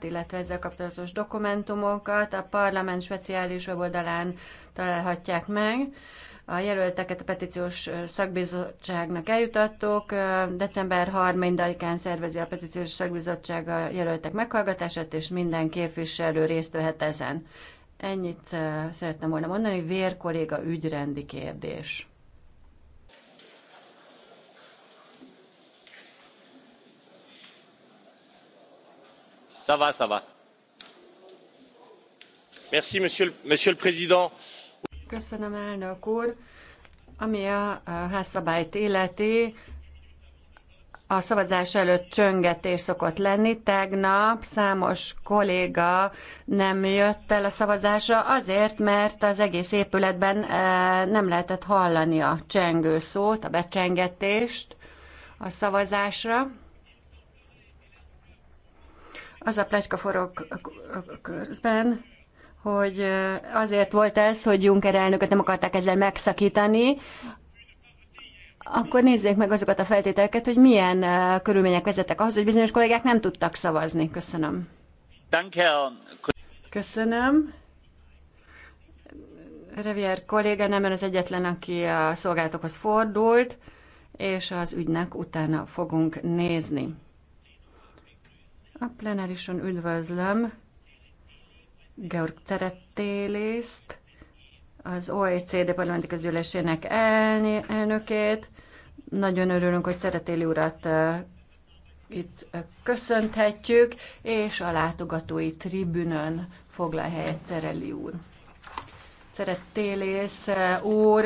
illetve ezzel kapcsolatos dokumentumokat a parlament speciális weboldalán találhatják meg. A jelölteket a petíciós szakbizottságnak eljutattuk. December 30-án szervezi a petíciós szakbizottság a jelöltek meghallgatását, és minden képviselő részt vehet ezen. Ennyit szerettem volna mondani, vér kolléga ügyrendi kérdés. monsieur le président köszönöm elnök úr ami a házszabályt illeti a szavazás előtt csöngetés szokott lenni. Tegnap számos kolléga nem jött el a szavazásra azért, mert az egész épületben e, nem lehetett hallani a csengő szót, a becsengetést a szavazásra. Az a plecska forog közben, hogy azért volt ez, hogy Juncker elnököt nem akarták ezzel megszakítani, akkor nézzék meg azokat a feltételeket, hogy milyen körülmények vezettek ahhoz, hogy bizonyos kollégák nem tudtak szavazni. Köszönöm. Köszönöm. Revier kolléga nem az egyetlen, aki a szolgálatokhoz fordult, és az ügynek utána fogunk nézni. A plenárison üdvözlöm Georg Terettélészt, az OECD parlamenti közgyűlésének elnökét. Nagyon örülünk, hogy Terettéli urat itt köszönthetjük, és a látogatói tribünön foglal helyet Szereli úr. Szerettélész eh, úr,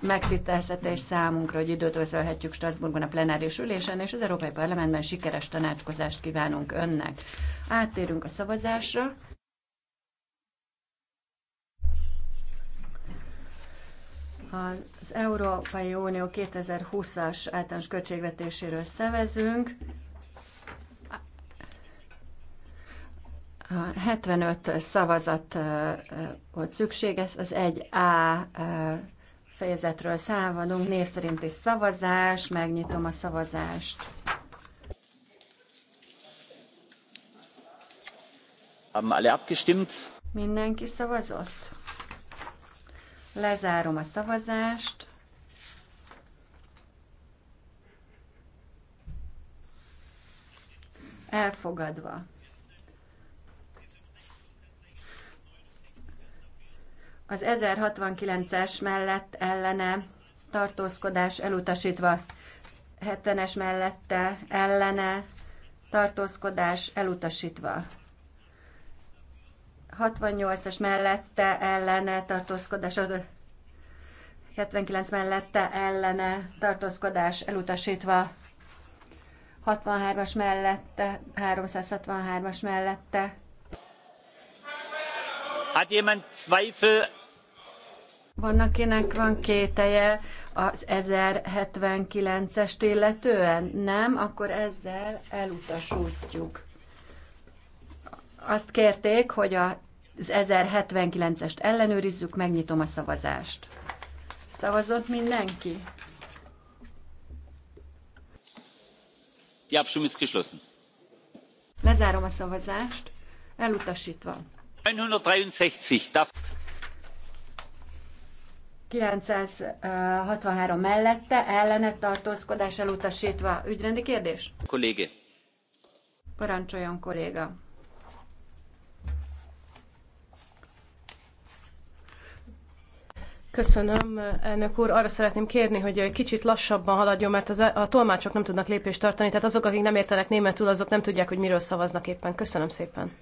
megtiszteltetés számunkra, hogy időt veszölhetjük Strasbourgban a plenáris ülésen, és az Európai Parlamentben sikeres tanácskozást kívánunk önnek. Áttérünk a szavazásra. Az Európai Unió 2020-as általános költségvetéséről szevezünk. A 75 szavazat volt szükséges. ez az 1A fejezetről számolunk, név is szavazás, megnyitom a szavazást. Haben alle abgestimmt? Mindenki szavazott? Lezárom a szavazást. Elfogadva. az 1069-es mellett ellene tartózkodás elutasítva, 70-es mellette ellene tartózkodás elutasítva. 68-as mellette ellene tartózkodás, 79 mellette ellene tartózkodás elutasítva, 63-as mellette, 363-as mellette. Hat jemand Zweifel vannak, akinek van kételje az 1079-est illetően? Nem, akkor ezzel elutasítjuk. Azt kérték, hogy az 1079-est ellenőrizzük, megnyitom a szavazást. Szavazott mindenki? Die Abstimmung ist geschlossen. Lezárom a szavazást, elutasítva. 963. 963 mellette, ellene tartózkodás elutasítva. Ügyrendi kérdés? Kollégé. Parancsoljon, kolléga. Köszönöm, elnök úr. Arra szeretném kérni, hogy egy kicsit lassabban haladjon, mert az, e- a tolmácsok nem tudnak lépést tartani, tehát azok, akik nem értenek németül, azok nem tudják, hogy miről szavaznak éppen. Köszönöm szépen.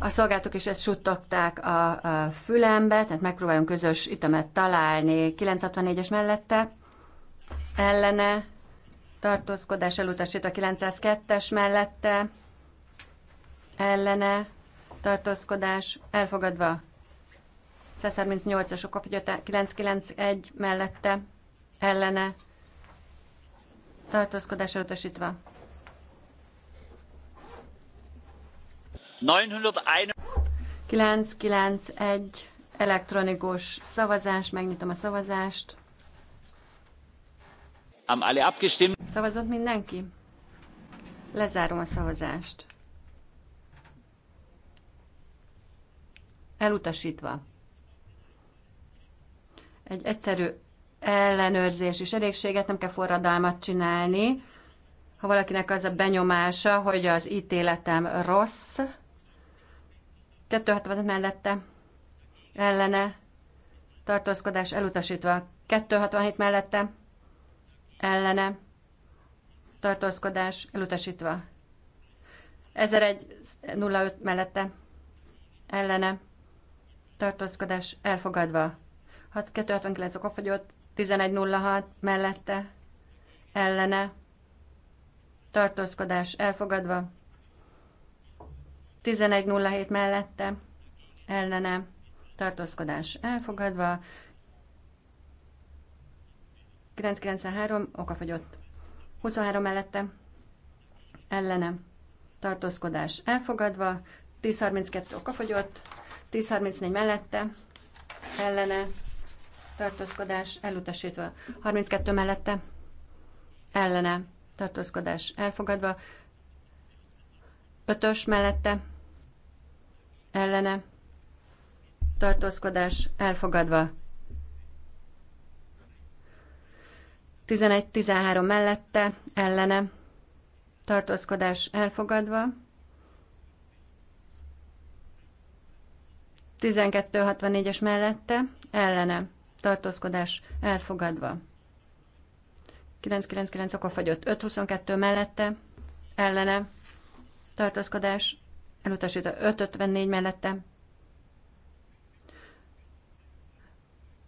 A szolgáltok is ezt suttogták a, a fülembe, tehát megpróbálunk közös ütemet találni. 964-es mellette ellene tartózkodás elutasít a 902-es mellette ellene tartózkodás elfogadva 138-as okafogyata 991 mellette ellene tartózkodás elutasítva 991 elektronikus szavazás, megnyitom a szavazást. Am alle abgestimmt? Szavazott mindenki? Lezárom a szavazást. Elutasítva. Egy egyszerű ellenőrzés és elégséget, nem kell forradalmat csinálni. Ha valakinek az a benyomása, hogy az ítéletem rossz, 260 mellette ellene tartózkodás elutasítva. 267 mellette ellene tartózkodás elutasítva. 1105 mellette ellene tartózkodás elfogadva. 6269 okafogyott, 1106 mellette ellene tartózkodás elfogadva. 11.07 mellette ellene tartózkodás elfogadva, 993 okafogyott, 23 mellette ellene tartózkodás elfogadva, 1032 okafogyott, 1034 mellette ellene tartózkodás elutasítva, 32 mellette ellene tartózkodás elfogadva, 5-ös mellette ellene tartózkodás elfogadva. 11-13 mellette ellene tartózkodás elfogadva. 12 64 es mellette ellene tartózkodás elfogadva. 999 okafagyott 522 mellette ellene tartózkodás elutasítva 554 mellette.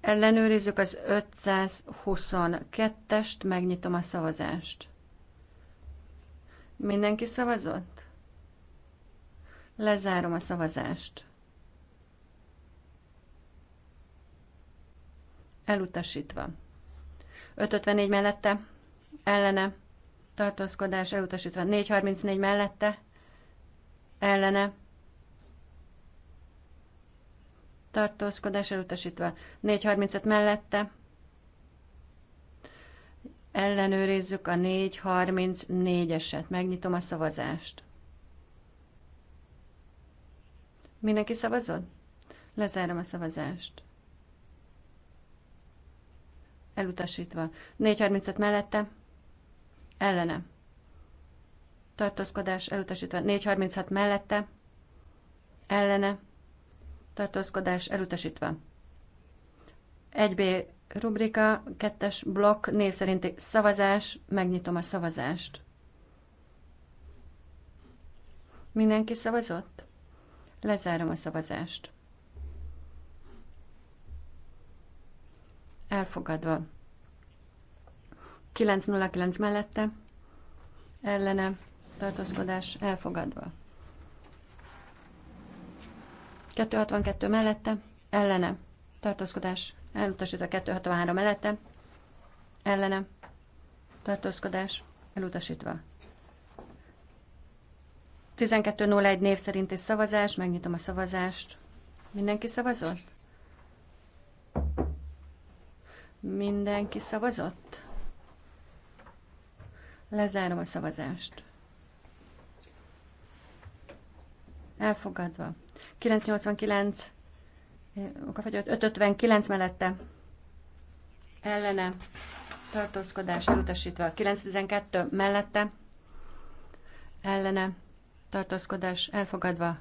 Ellenőrizzük az 522-est, megnyitom a szavazást. Mindenki szavazott? Lezárom a szavazást. Elutasítva. 554 mellette, ellene, tartózkodás elutasítva. 434 mellette, ellene tartózkodás elutasítva. 4.35 mellette ellenőrizzük a 4.34-eset. Megnyitom a szavazást. Mindenki szavazod? Lezárom a szavazást. Elutasítva. 4.35 mellette ellene tartózkodás elutasítva 436 mellette, ellene, tartózkodás elutasítva. 1B rubrika, kettes blokk, név szerinti szavazás, megnyitom a szavazást. Mindenki szavazott? Lezárom a szavazást. Elfogadva. 909 mellette, ellene, tartózkodás elfogadva. 262 mellette, ellene, tartózkodás elutasítva, 263 mellette, ellene, tartózkodás elutasítva. 12.01 név szerinti szavazás, megnyitom a szavazást. Mindenki szavazott? Mindenki szavazott? Lezárom a szavazást. Elfogadva. 989 okafagyott 559 mellette ellene tartózkodás elutasítva. 912 mellette ellene tartózkodás elfogadva.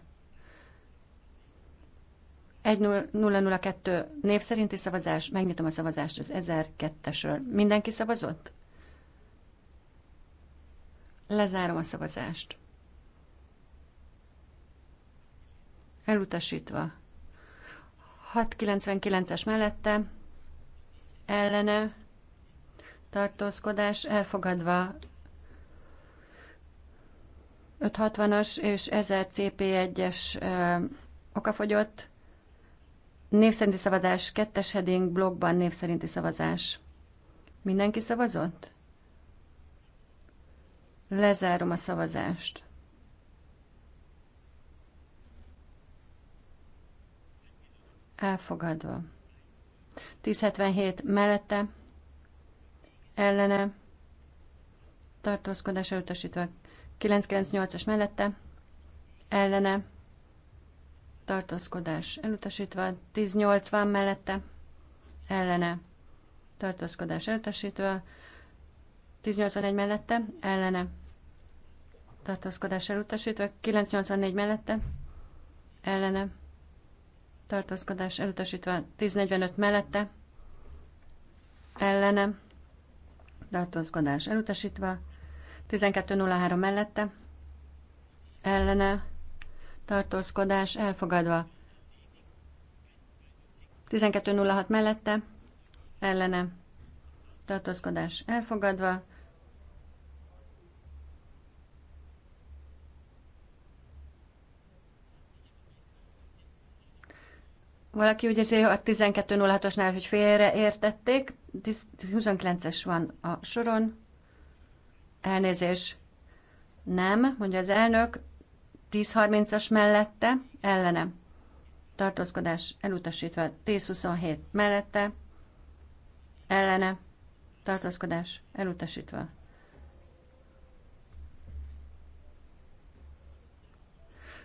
1002 név szerinti szavazás, megnyitom a szavazást az 1002-esről. Mindenki szavazott? Lezárom a szavazást. elutasítva. 699-es mellette ellene tartózkodás elfogadva 560-as és 1000 CP1-es okafogyott név szavazás, kettes heading, blogban névszerinti szavazás. Mindenki szavazott? Lezárom a szavazást. elfogadva. 1077 mellette, ellene, tartózkodásra utasítva. 998-as mellette, ellene, tartózkodás elutasítva. 1080 mellette, ellene, tartózkodás elutasítva. 1081 mellette, ellene, tartózkodás elutasítva. 984 mellette, ellene, tartózkodás elutasítva 1045 mellette, ellene, tartózkodás elutasítva 1203 mellette, ellene, tartózkodás elfogadva 1206 mellette, ellene, tartózkodás elfogadva valaki ugye azért a 12.06-osnál, hogy félreértették, 29-es van a soron, elnézés, nem, mondja az elnök, 10.30-as mellette, ellene, tartózkodás elutasítva, 10.27 mellette, ellene, tartózkodás elutasítva.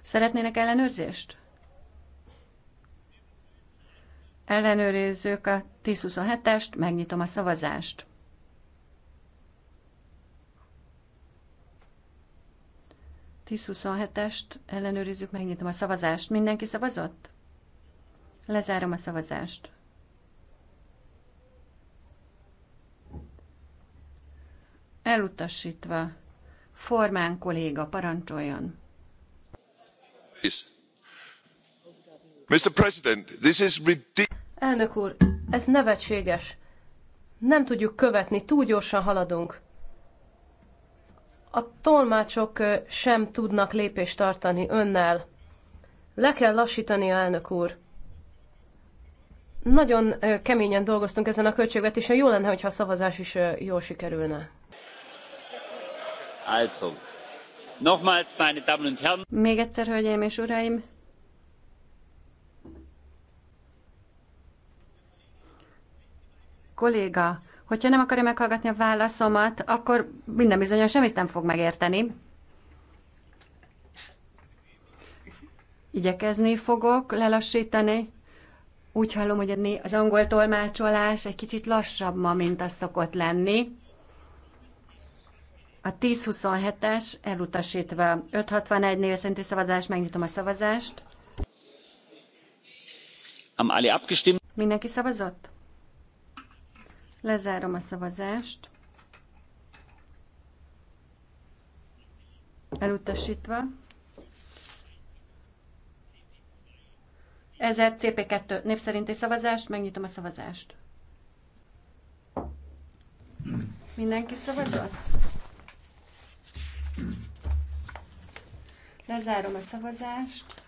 Szeretnének ellenőrzést? Ellenőrizzük a 1027-est, megnyitom a szavazást. Tíz ellenőrizzük, megnyitom a szavazást. Mindenki szavazott? Lezárom a szavazást. Elutasítva. Formán kolléga, parancsoljon. Mr. President, this is ridiculous. Elnök úr, ez nevetséges. Nem tudjuk követni, túl gyorsan haladunk. A tolmácsok sem tudnak lépést tartani önnel. Le kell lassítani, elnök úr. Nagyon keményen dolgoztunk ezen a költségvetésen, jó lenne, hogyha a szavazás is jól sikerülne. Also, nochmals, meine Damen und Herren. Még egyszer, hölgyeim és uraim, kolléga, hogyha nem akarja meghallgatni a válaszomat, akkor minden bizonyos, semmit nem fog megérteni. Igyekezni fogok lelassítani. Úgy hallom, hogy az angol tolmácsolás egy kicsit lassabb ma, mint az szokott lenni. A 27 es elutasítva. 561 név szerinti szavazás, megnyitom a szavazást. Mindenki szavazott? Lezárom a szavazást. Elutasítva. Ezer CP2 népszerinti szavazást, megnyitom a szavazást. Mindenki szavazott? Lezárom a szavazást.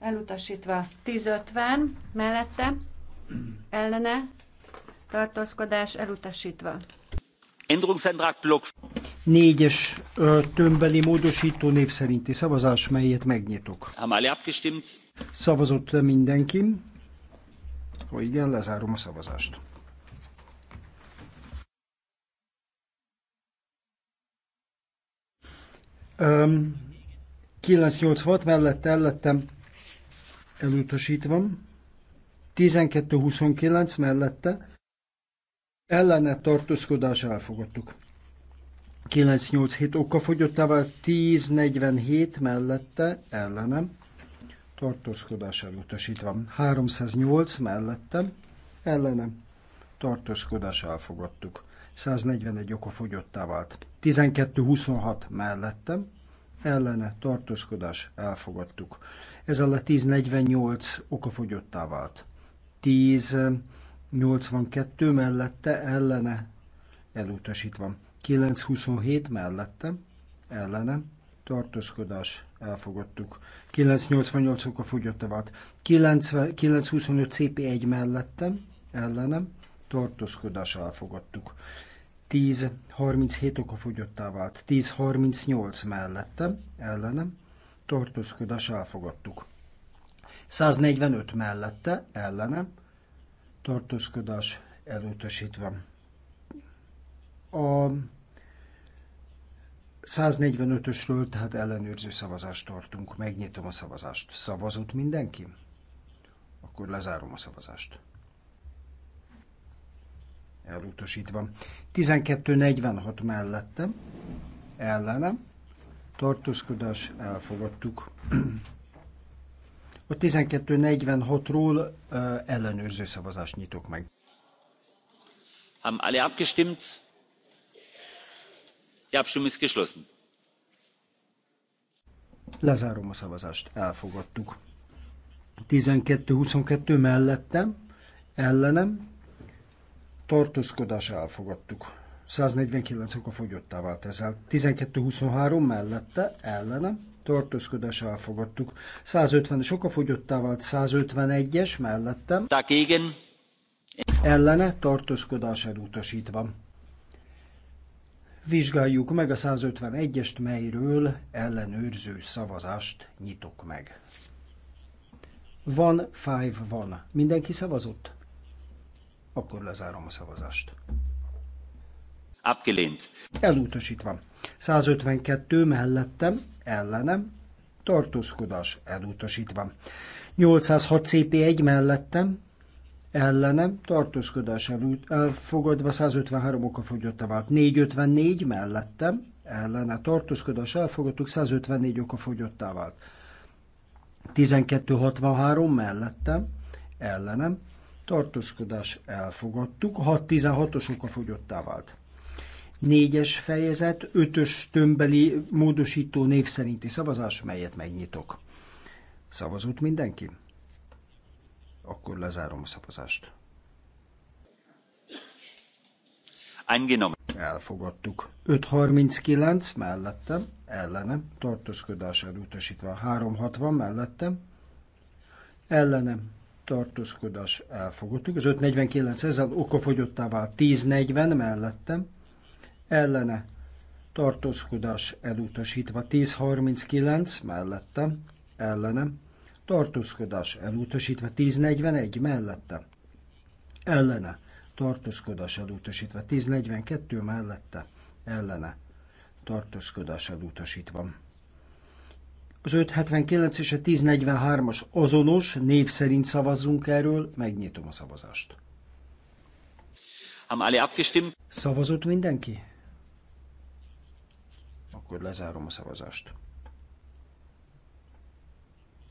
Elutasítva 1050 mellette ellene tartózkodás elutasítva. Änderungsantrag Block. Négyes tömbeli módosító név szerinti szavazás, melyet megnyitok. Haben abgestimmt? Szavazott mindenki? Ha igen, lezárom a szavazást. Um, 986 mellett ellettem elutasítva. 12-29 mellette ellene tartózkodás elfogadtuk. 987 okafogyottával 1047 mellette ellenem tartózkodás elutasítva. 308 mellette, ellenem tartózkodás elfogadtuk. 141 okafogyottá vált. 1226 mellettem ellene tartózkodás elfogadtuk. Ez a 1048 okafogyottá vált. 1082 mellette ellene elutasítva. 927 mellette ellene tartózkodás elfogadtuk. 988 a fogyott a vált. 925 CP1 mellette ellenem tartózkodás elfogadtuk. 1037 oka fogyottá vált. 1038 mellette ellenem tartózkodás elfogadtuk. 145 mellette, ellene, tartózkodás elutasítva. A 145-ösről tehát ellenőrző szavazást tartunk. Megnyitom a szavazást. Szavazott mindenki? Akkor lezárom a szavazást. Elutasítva. 1246 mellettem, ellenem, tartózkodás, elfogadtuk. A 1246-ról ellenőrző szavazást nyitok meg. Haben alle abgestimmt? Die Abstimmung ist geschlossen. Lezárom a szavazást. Elfogadtuk. 12-22 mellettem, ellenem, tartózkodás elfogadtuk. 149 a fogyottá vált ezzel. 12-23 mellette, ellenem, tartózkodás elfogadtuk. 150-es okafogyottá vált 151-es mellettem. Dagegen. Ellene tartózkodás elutasítva. Vizsgáljuk meg a 151-est, melyről ellenőrző szavazást nyitok meg. Van, five, van. Mindenki szavazott? Akkor lezárom a szavazást. Abgelehnt. Elutasítva. 152 mellettem, ellenem, tartózkodás elutasítva. 806 CP1 mellettem, ellenem, tartózkodás elut, elfogadva, 153 oka a vált. 454 mellettem, ellene, tartózkodás elfogadtuk, 154 oka a vált. 1263 mellettem, ellenem, tartózkodás elfogadtuk, 616-os oka fogyottá vált. Négyes fejezet, ötös tömbeli módosító név szerinti szavazás, melyet megnyitok. Szavazott mindenki? Akkor lezárom a szavazást. Angenommen. Elfogadtuk. 539 mellettem, ellenem, tartózkodás elutasítva. 360 mellettem, ellenem, tartózkodás elfogadtuk. Az 549 ezzel okafogyottá vált 1040 mellettem, ellene tartózkodás elutasítva 1039 mellette ellene tartózkodás elutasítva 1041 mellette ellene tartózkodás elutasítva 1042 mellette ellene tartózkodás elutasítva. Az 579 és a 1043-as azonos név szerint szavazzunk erről, megnyitom a szavazást. alle Szavazott mindenki? Akkor lezárom a szavazást.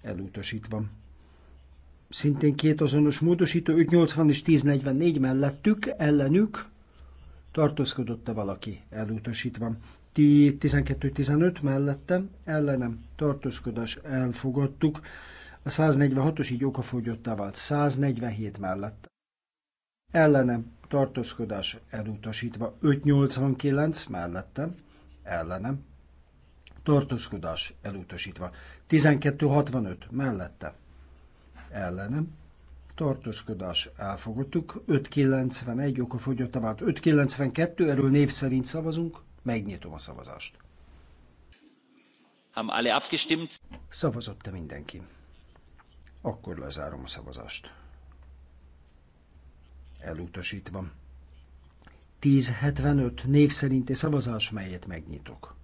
Elutasítva. Szintén két azonos módosító, 580 és 1044 mellettük, ellenük tartózkodott-e valaki elutasítva. 12-15 mellettem, ellenem tartózkodás elfogadtuk. A 146-os így okafogyottá vált, 147 mellett. Ellenem tartózkodás elutasítva, 589 mellettem ellenem, tartózkodás elutasítva. 1265 mellette, ellenem, tartózkodás elfogadtuk, 591 oka fogyott a vált, 592, erről név szerint szavazunk, megnyitom a szavazást. Haben alle abgestimmt? Szavazott-e mindenki? Akkor lezárom a szavazást. Elutasítva. 1075 név szerinti szavazás, melyet megnyitok.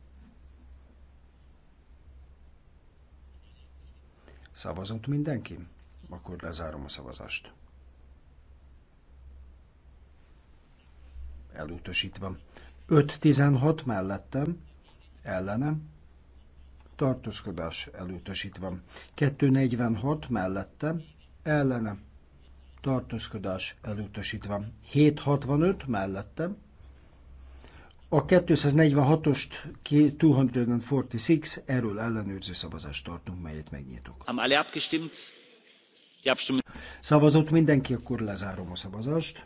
Szavazott mindenki? Akkor lezárom a szavazást. Elutasítva. 5-16 mellettem, ellenem, tartózkodás elutasítva. 246 mellettem, ellenem, tartózkodás elutasítva. 765 mellette. A 246-ost 246 erről ellenőrző szavazást tartunk, melyet megnyitok. Szavazott mindenki, akkor lezárom a szavazást.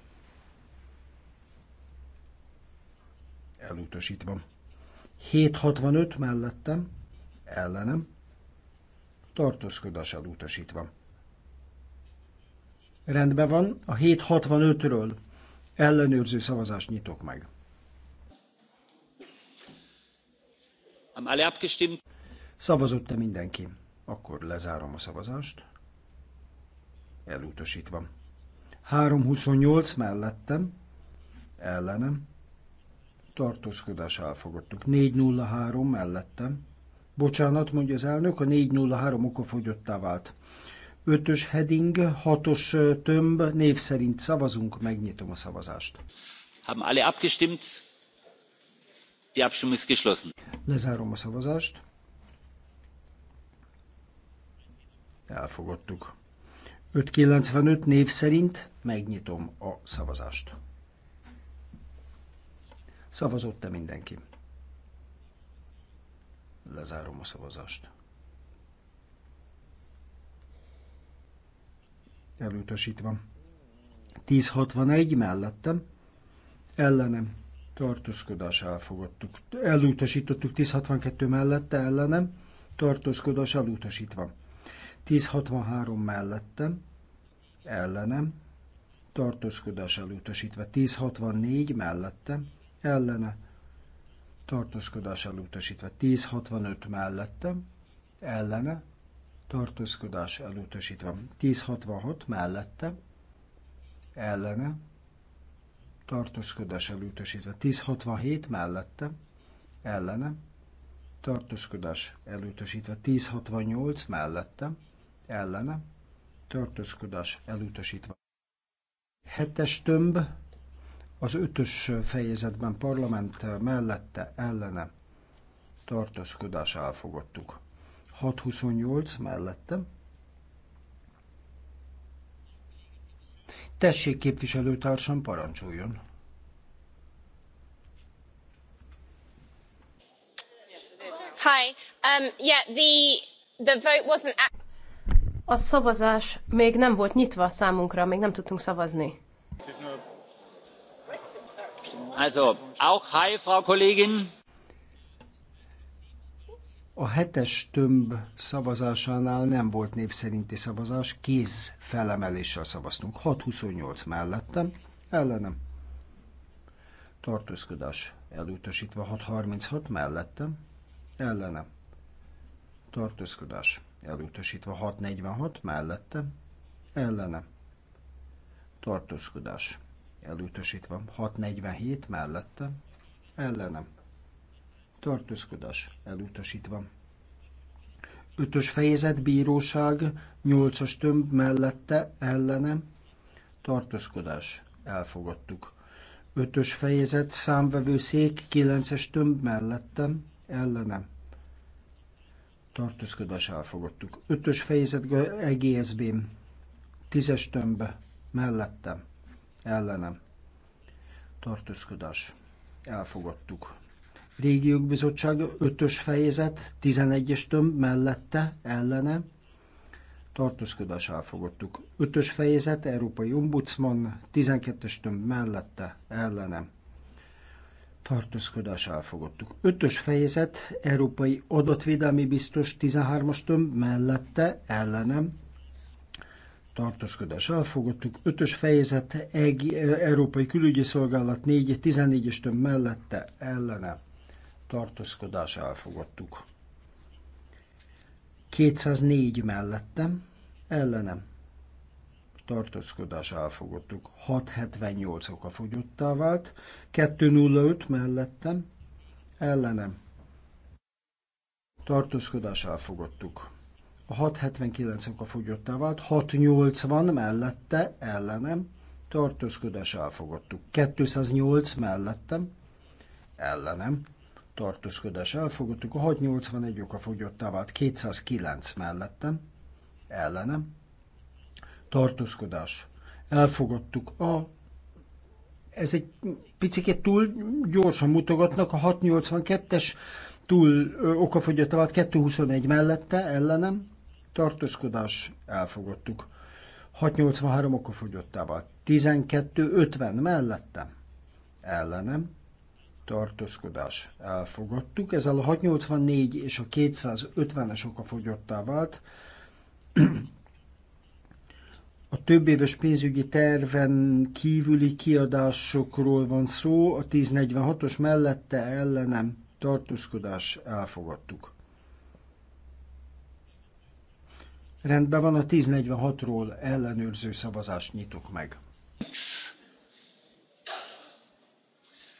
Elutasítva. 765 mellettem, ellenem, tartózkodás elutasítva. Rendben van, a 765-ről ellenőrző szavazást nyitok meg. Szavazott-e mindenki? Akkor lezárom a szavazást. Elutasítva. 328 mellettem, ellenem, tartózkodás elfogadtuk. 403 mellettem. Bocsánat, mondja az elnök, a 403 okofogyottá vált. Ötös heading, hatos tömb, név szerint szavazunk, megnyitom a szavazást. Haben alle abgestimmt? Die Abstimmung ist geschlossen. Lezárom a szavazást. Elfogadtuk. 595 név szerint megnyitom a szavazást. Szavazott-e mindenki? Lezárom a szavazást. elutasítva. 1061 mellettem, ellenem, tartózkodás elfogadtuk. Elutasítottuk 1062 mellette, ellenem, tartózkodás elutasítva. 1063 mellettem, ellenem, tartózkodás elutasítva. 1064 mellettem, ellene, tartózkodás elutasítva. 1065 mellettem, ellene, tartózkodás elutasítva. 1066 mellette, ellene, tartózkodás elutasítva. 1067 mellette, ellene, tartózkodás elutasítva. 1068 mellette, ellene, tartózkodás elutasítva. Hetes tömb, az ötös fejezetben parlament mellette, ellene, tartózkodás elfogadtuk. 628 mellettem. Tessék képviselőtársam, parancsoljon. Hi. Um, yeah, the, the vote wasn't... A szavazás még nem volt nyitva a számunkra, még nem tudtunk szavazni. Also, auch hi, Frau Kollegin. A hetes tömb szavazásánál nem volt népszerinti szavazás, kéz felemeléssel szavaztunk. 6-28 mellettem, ellenem. Tartózkodás elutasítva 636 mellettem, ellenem. Tartózkodás elutasítva 646 mellettem, ellenem. Tartózkodás elutasítva 647 mellettem, ellenem tartózkodás elutasítva. Ötös fejezet bíróság, nyolcas tömb mellette ellene tartózkodás elfogadtuk. Ötös fejezet számvevőszék, kilences tömb mellette, ellene tartózkodás elfogadtuk. Ötös fejezet EGSB, tízes tömb mellette ellenem tartózkodás elfogadtuk. Régiók Bizottsága 5-ös fejezet, 11-es tömb mellette, ellene, tartózkodás elfogadtuk. 5-ös fejezet, Európai Ombudsman, 12-es tömb mellette, ellene, tartózkodás elfogadtuk. 5-ös fejezet, Európai Adatvédelmi Biztos, 13-as tömb mellette, ellene. tartózkodás elfogadtuk. 5-ös fejezet, EG, Európai Külügyi Szolgálat 4, 14-es tömb mellette, ellene tartózkodás elfogadtuk. 204 mellettem, ellenem, tartózkodás elfogadtuk. 678 oka fogyottá vált, 205 mellettem, ellenem, tartózkodás elfogadtuk. A 679 oka fogyottá vált, 680 mellette, ellenem, tartózkodás elfogadtuk. 208 mellettem, ellenem, tartózkodás elfogadtuk, a 681 oka fogyottá vált 209 mellettem, ellenem, tartózkodás elfogadtuk, a ez egy picit túl gyorsan mutogatnak, a 682-es túl okafogyottá vált 221 mellette, ellenem, tartózkodás elfogadtuk. 683 okafogyottá vált, 1250 mellettem, ellenem, tartózkodás elfogadtuk. Ezzel a 684 és a 250-es oka fogyottá vált. A több éves pénzügyi terven kívüli kiadásokról van szó, a 1046-os mellette ellenem tartózkodás elfogadtuk. Rendben van, a 1046-ról ellenőrző szavazást nyitok meg.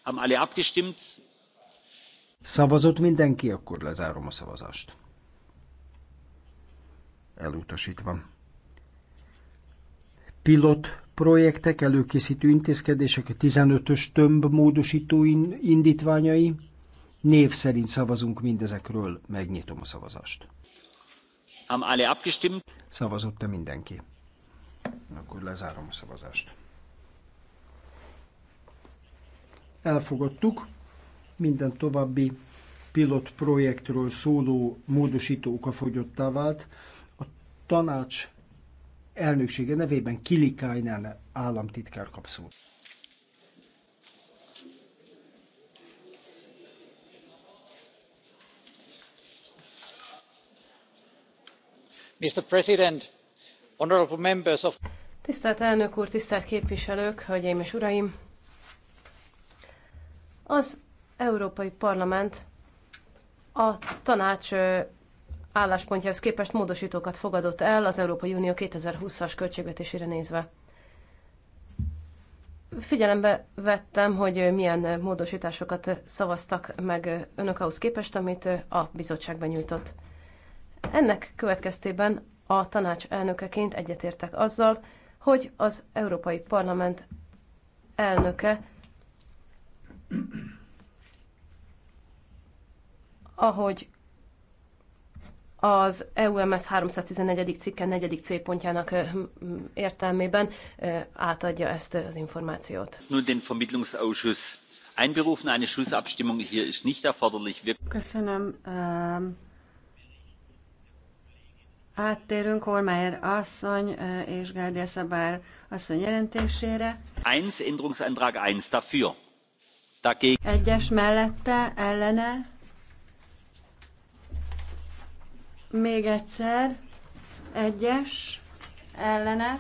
Haben alle abgestimmt? Szavazott mindenki, akkor lezárom a szavazást. Elutasítva. Pilot projektek előkészítő intézkedések a 15-ös tömb módosító indítványai. Név szerint szavazunk mindezekről, megnyitom a szavazást. Haben alle abgestimmt? Szavazott-e mindenki? Akkor lezárom a szavazást. elfogadtuk. Minden további pilot projektről szóló módosító fogyottá vált. A tanács elnöksége nevében Kajnán államtitkár kap szót. Mr. President, honorable members of... Tisztelt elnök úr, tisztelt képviselők, hölgyeim és uraim! Az Európai Parlament a tanács álláspontjához képest módosítókat fogadott el az Európai Unió 2020-as költségvetésére nézve. Figyelembe vettem, hogy milyen módosításokat szavaztak meg önök ahhoz képest, amit a bizottságban nyújtott. Ennek következtében a tanács elnökeként egyetértek azzal, hogy az Európai Parlament elnöke ahogy az EUMS 314. cikke 4. C pontjának értelmében átadja ezt az információt. Nun den Vermittlungsausschuss einberufen. Eine Schlussabstimmung hier ist nicht erforderlich. Wir Köszönöm. Áttérünk Olmeier asszony és Gárdia Szabár asszony jelentésére. 1, Änderungsantrag 1 dafür egyes mellette, ellene. Még egyszer. Egyes, ellene.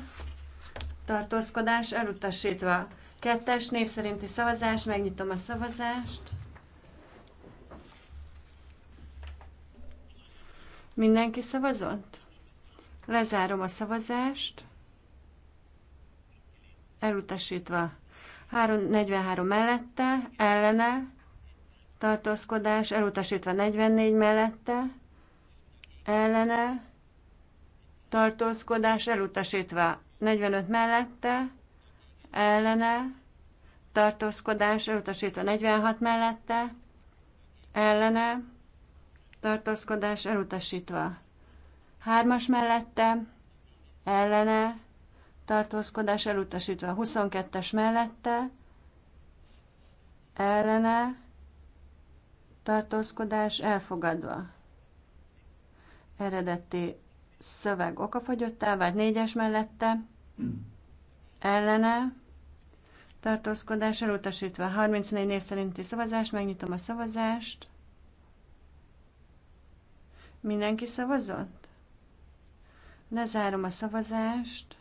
Tartózkodás elutasítva. Kettes név szerinti szavazás, megnyitom a szavazást. Mindenki szavazott? Lezárom a szavazást. Elutasítva. 343 mellette, ellene, tartózkodás, elutasítva 44 mellette, ellene, tartózkodás, elutasítva 45 mellette, ellene, tartózkodás, elutasítva 46 mellette, ellene, tartózkodás, elutasítva 3-as mellette, ellene, tartózkodás elutasítva a 22-es mellette, ellene, tartózkodás elfogadva. Eredeti szöveg okafogyottá vált négyes mellette, ellene, tartózkodás elutasítva. 34 név szerinti szavazás, megnyitom a szavazást. Mindenki szavazott? Lezárom a szavazást.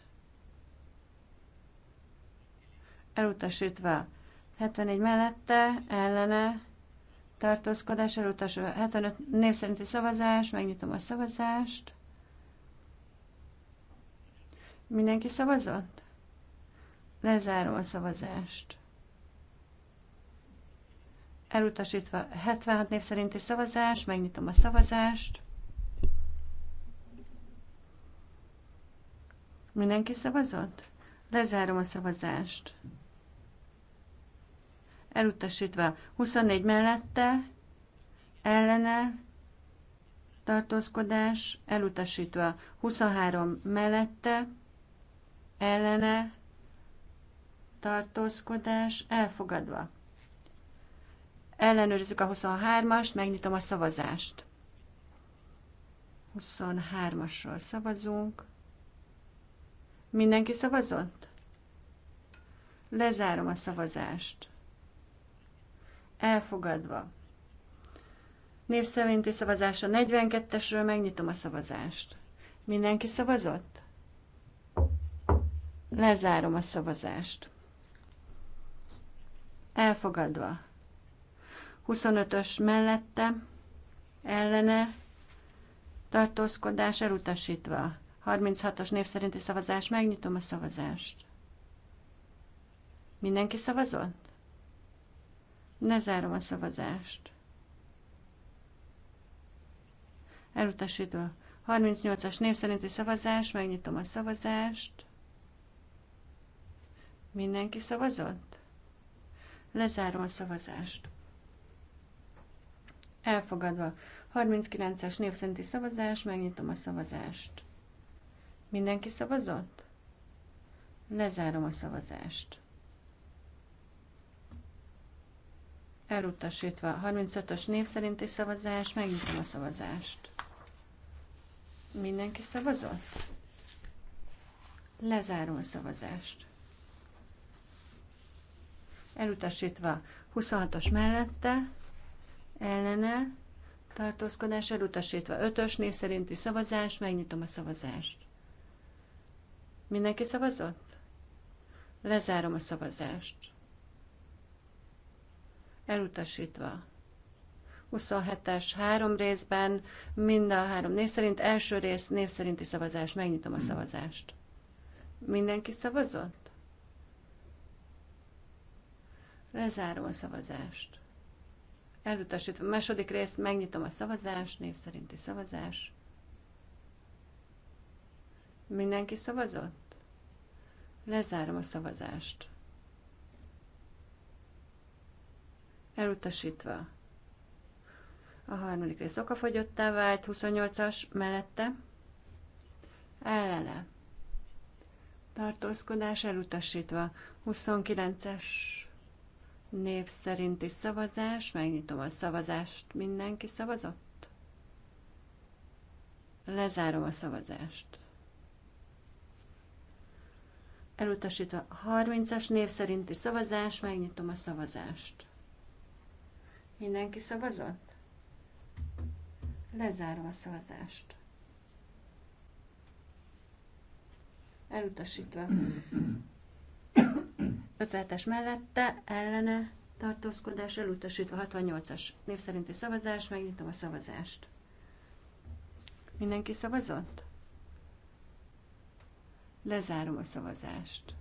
elutasítva. 71 mellette, ellene, tartózkodás elutasítva. 75 név szerinti szavazás, megnyitom a szavazást. Mindenki szavazott? Lezárom a szavazást. Elutasítva 76 név szerinti szavazás, megnyitom a szavazást. Mindenki szavazott? Lezárom a szavazást elutasítva. 24 mellette, ellene, tartózkodás, elutasítva. 23 mellette, ellene, tartózkodás, elfogadva. Ellenőrizzük a 23-ast, megnyitom a szavazást. 23-asról szavazunk. Mindenki szavazott? Lezárom a szavazást elfogadva. Név szerinti szavazása 42-esről, megnyitom a szavazást. Mindenki szavazott? Lezárom a szavazást. Elfogadva. 25-ös mellette, ellene, tartózkodás elutasítva. 36-os név szerinti szavazás, megnyitom a szavazást. Mindenki szavazott? Ne zárom a szavazást. Elutasítva. 38-as név szerinti szavazás, megnyitom a szavazást. Mindenki szavazott? Lezárom a szavazást. Elfogadva. 39 as név szerinti szavazás, megnyitom a szavazást. Mindenki szavazott? Lezárom a szavazást. elutasítva. 35-ös név szerinti szavazás, megnyitom a szavazást. Mindenki szavazott? Lezárom a szavazást. Elutasítva 26-os mellette, ellene, tartózkodás elutasítva 5-ös név szerinti szavazás, megnyitom a szavazást. Mindenki szavazott? Lezárom a szavazást elutasítva. 27-es három részben, mind a három név szerint, első rész név szerinti szavazás, megnyitom a szavazást. Mindenki szavazott? Lezárom a szavazást. Elutasítva. Második rész, megnyitom a szavazást, név szerinti szavazás. Mindenki szavazott? Lezárom a szavazást. elutasítva. A harmadik rész okafogyottá vált, 28-as mellette, ellene. Tartózkodás elutasítva, 29-es név szerinti szavazás, megnyitom a szavazást, mindenki szavazott? Lezárom a szavazást. Elutasítva 30-as név szerinti szavazás, megnyitom a szavazást. Mindenki szavazott? Lezárva a szavazást. Elutasítva. Ötletes mellette, ellene, tartózkodás, elutasítva. 68-as név szerinti szavazás, megnyitom a szavazást. Mindenki szavazott? Lezárom a szavazást.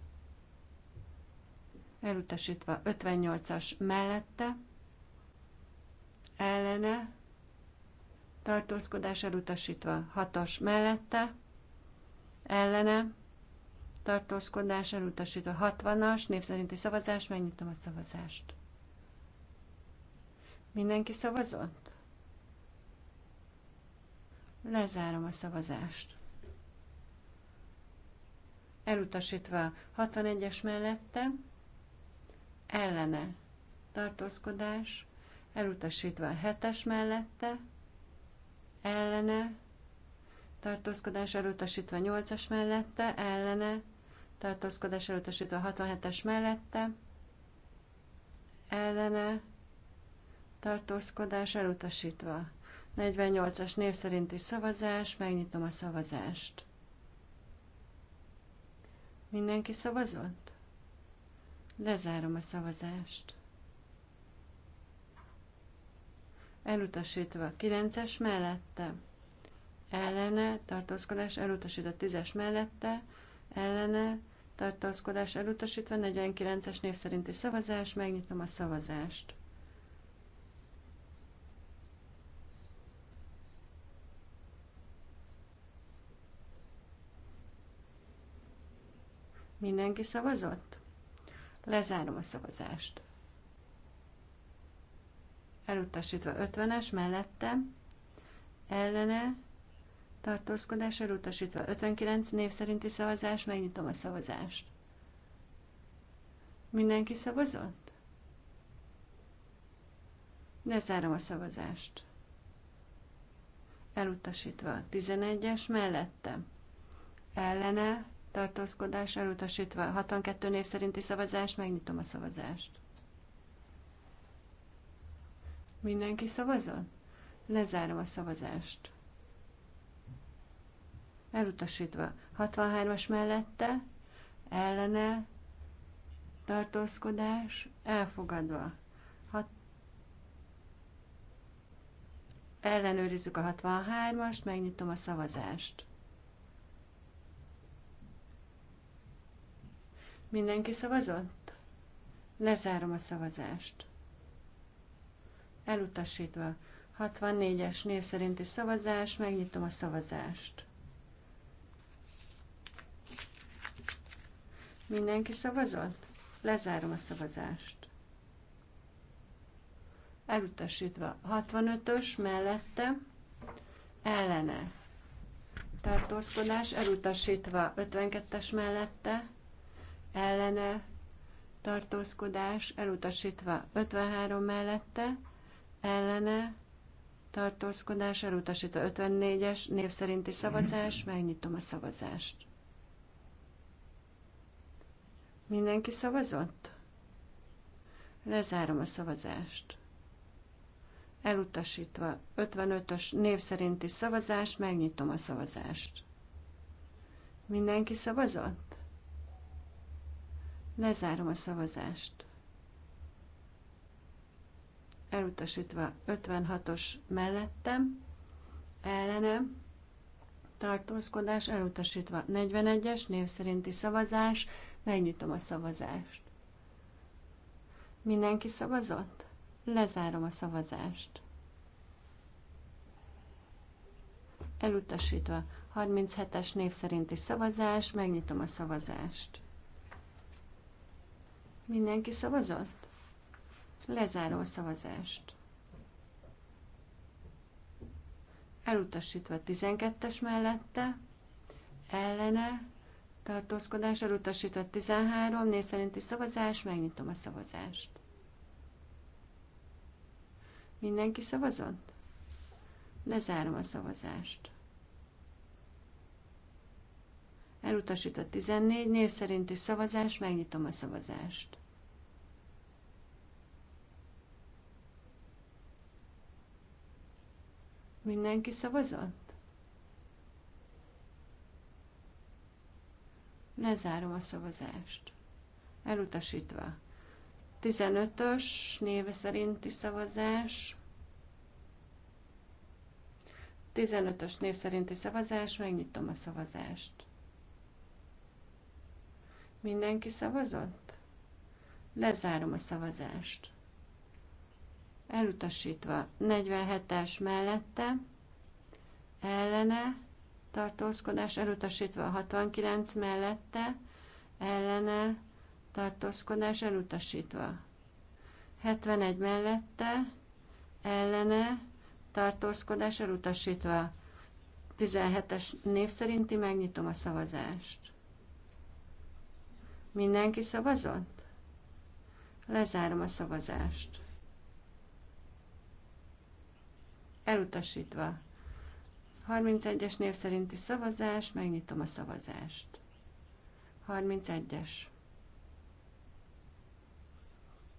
Elutasítva 58-as mellette, ellene, tartózkodás elutasítva. Hatos mellette, ellene, tartózkodás elutasítva. 60-as név szerinti szavazás, megnyitom a szavazást. Mindenki szavazott? Lezárom a szavazást. Elutasítva 61-es mellette, ellene tartózkodás, elutasítva a hetes mellette, ellene, tartózkodás elutasítva a nyolcas mellette, ellene, tartózkodás elutasítva a 67-es mellette, ellene, tartózkodás elutasítva. 48-as név szerinti szavazás, megnyitom a szavazást. Mindenki szavazott? Lezárom a szavazást. elutasítva a 9-es mellette, ellene, tartózkodás elutasítva a 10-es mellette, ellene, tartózkodás elutasítva 49-es név szerinti szavazás, megnyitom a szavazást. Mindenki szavazott? Lezárom a szavazást elutasítva 50-es mellette, ellene, tartózkodás elutasítva 59 név szerinti szavazás, megnyitom a szavazást. Mindenki szavazott? Lezárom a szavazást. Elutasítva 11-es mellette, ellene, tartózkodás elutasítva 62 név szerinti szavazás, megnyitom a szavazást. Mindenki szavazott? Lezárom a szavazást. Elutasítva. 63-as mellette, ellene, tartózkodás, elfogadva. Hat... Ellenőrizzük a 63-ast, megnyitom a szavazást. Mindenki szavazott? Lezárom a szavazást elutasítva. 64-es név szerinti szavazás, megnyitom a szavazást. Mindenki szavazott? Lezárom a szavazást. Elutasítva 65-ös mellette ellene. Tartózkodás elutasítva 52-es mellette ellene. Tartózkodás elutasítva 53 mellette ellene tartózkodás elutasítva 54-es név szerinti szavazás, megnyitom a szavazást. Mindenki szavazott? Lezárom a szavazást. Elutasítva 55-ös név szerinti szavazás, megnyitom a szavazást. Mindenki szavazott? Lezárom a szavazást elutasítva 56-os mellettem, ellenem, tartózkodás, elutasítva 41-es név szerinti szavazás, megnyitom a szavazást. Mindenki szavazott? Lezárom a szavazást. Elutasítva 37-es név szerinti szavazás, megnyitom a szavazást. Mindenki szavazott? Lezáró szavazást. Elutasítva 12-es mellette, ellene, tartózkodás, elutasítva 13, név szerinti szavazás, megnyitom a szavazást. Mindenki szavazott? Lezárom a szavazást. Elutasított 14, név szerinti szavazás, megnyitom a szavazást. Mindenki szavazott? Lezárom a szavazást. Elutasítva. 15-ös néve szerinti szavazás. 15-ös név szerinti szavazás, megnyitom a szavazást. Mindenki szavazott? Lezárom a szavazást elutasítva 47-es mellette, ellene, tartózkodás elutasítva 69 mellette, ellene, tartózkodás elutasítva 71 mellette, ellene, tartózkodás elutasítva 17-es név szerinti megnyitom a szavazást. Mindenki szavazott? Lezárom a szavazást. elutasítva. 31-es név szerinti szavazás, megnyitom a szavazást. 31-es.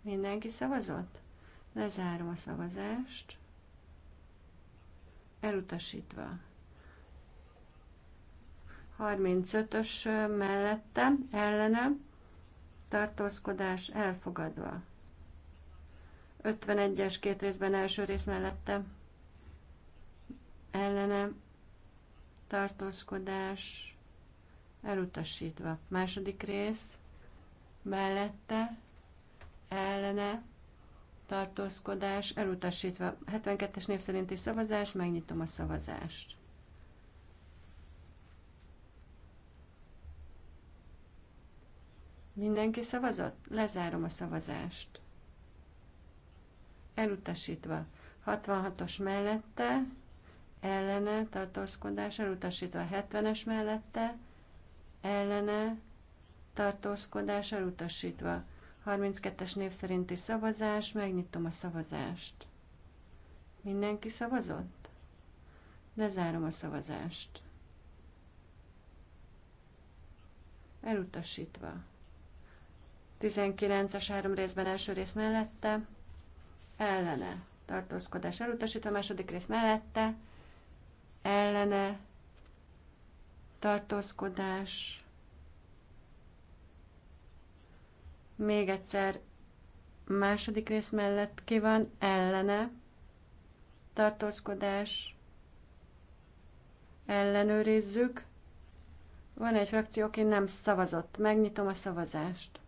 Mindenki szavazott? Lezárom a szavazást. Elutasítva. 35-ös mellette, ellene, tartózkodás elfogadva. 51-es két részben első rész mellette, ellene tartózkodás elutasítva. Második rész mellette ellene tartózkodás elutasítva. 72-es név szerinti szavazás, megnyitom a szavazást. Mindenki szavazott? Lezárom a szavazást. Elutasítva. 66-os mellette ellene tartózkodás elutasítva 70-es mellette, ellene tartózkodás elutasítva 32-es név szerinti szavazás, megnyitom a szavazást. Mindenki szavazott? Lezárom a szavazást. Elutasítva. 19-es három részben első rész mellette, ellene tartózkodás elutasítva, második rész mellette, ellene tartózkodás. Még egyszer második rész mellett ki van ellene tartózkodás. Ellenőrizzük. Van egy frakció, aki nem szavazott. Megnyitom a szavazást.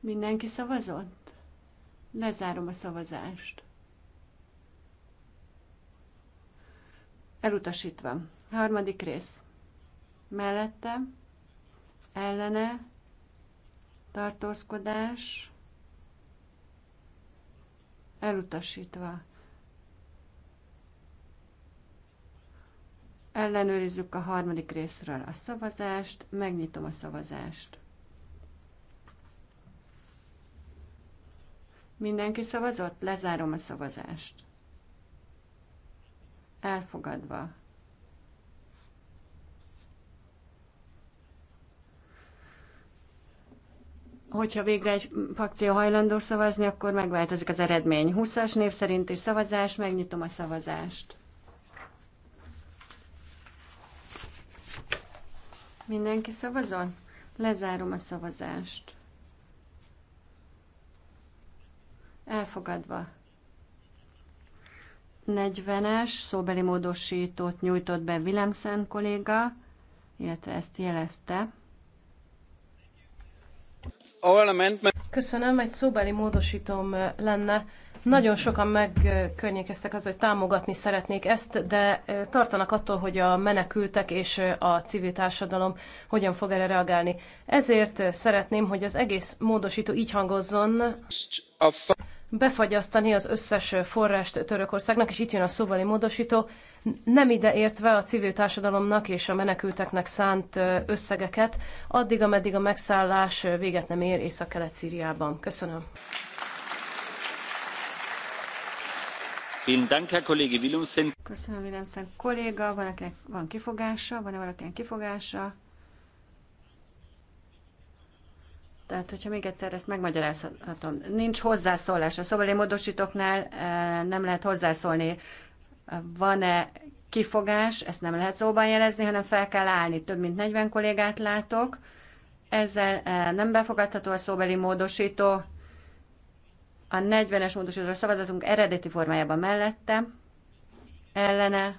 Mindenki szavazott? Lezárom a szavazást. Elutasítva. Harmadik rész. Mellette, ellene, tartózkodás, elutasítva. Ellenőrizzük a harmadik részről a szavazást, megnyitom a szavazást. Mindenki szavazott? Lezárom a szavazást. Elfogadva. Hogyha végre egy fakció hajlandó szavazni, akkor megváltozik az eredmény. 20-as név szerinti szavazás, megnyitom a szavazást. Mindenki szavazon? Lezárom a szavazást. Elfogadva. 40-es szóbeli módosítót nyújtott be Willemsen kolléga, illetve ezt jelezte. Köszönöm, egy szóbeli módosítom lenne. Nagyon sokan megkörnyékeztek az, hogy támogatni szeretnék ezt, de tartanak attól, hogy a menekültek és a civil társadalom hogyan fog erre reagálni. Ezért szeretném, hogy az egész módosító így hangozzon befagyasztani az összes forrást Törökországnak, és itt jön a szóbeli módosító, nem ide értve a civil társadalomnak és a menekülteknek szánt összegeket, addig, ameddig a megszállás véget nem ér Észak-Kelet-Szíriában. Köszönöm. Köszönöm, Willemsen kolléga. Van, van kifogása? Van-e valakinek kifogása? Tehát, hogyha még egyszer ezt megmagyarázhatom, nincs hozzászólás. A szóbeli módosítóknál eh, nem lehet hozzászólni. Van-e kifogás, ezt nem lehet szóban jelezni, hanem fel kell állni. Több mint 40 kollégát látok. Ezzel eh, nem befogadható a szóbeli módosító. A 40-es módosítóra szavazatunk eredeti formájában mellette, ellene,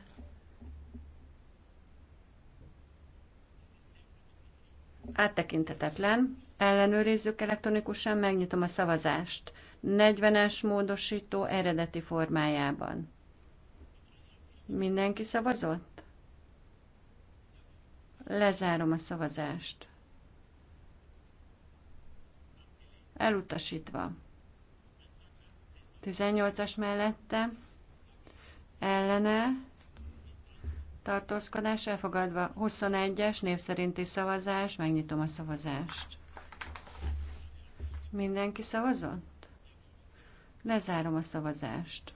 áttekintetetlen ellenőrizzük elektronikusan, megnyitom a szavazást. 40-es módosító eredeti formájában. Mindenki szavazott? Lezárom a szavazást. Elutasítva. 18-as mellette, ellene, tartózkodás elfogadva, 21-es név szerinti szavazás, megnyitom a szavazást. Mindenki szavazott? Lezárom a szavazást.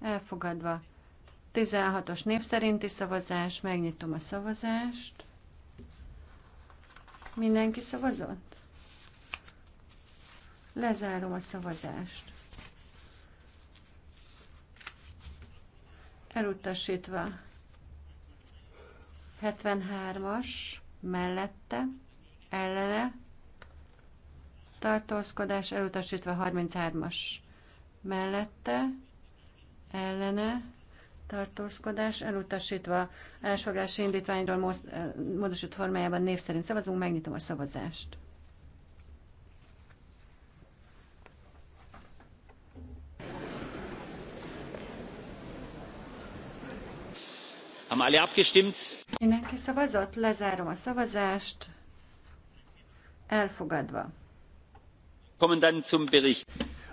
Elfogadva. 16-os név szerinti szavazás, megnyitom a szavazást. Mindenki szavazott? Lezárom a szavazást. Elutasítva. 73-as mellette ellene, tartózkodás elutasítva 33-as mellette, ellene, tartózkodás elutasítva állásfoglalási indítványról eh, módosult formájában név szerint szavazunk, megnyitom a szavazást. Mindenki szavazott, lezárom a szavazást. Elfogadva.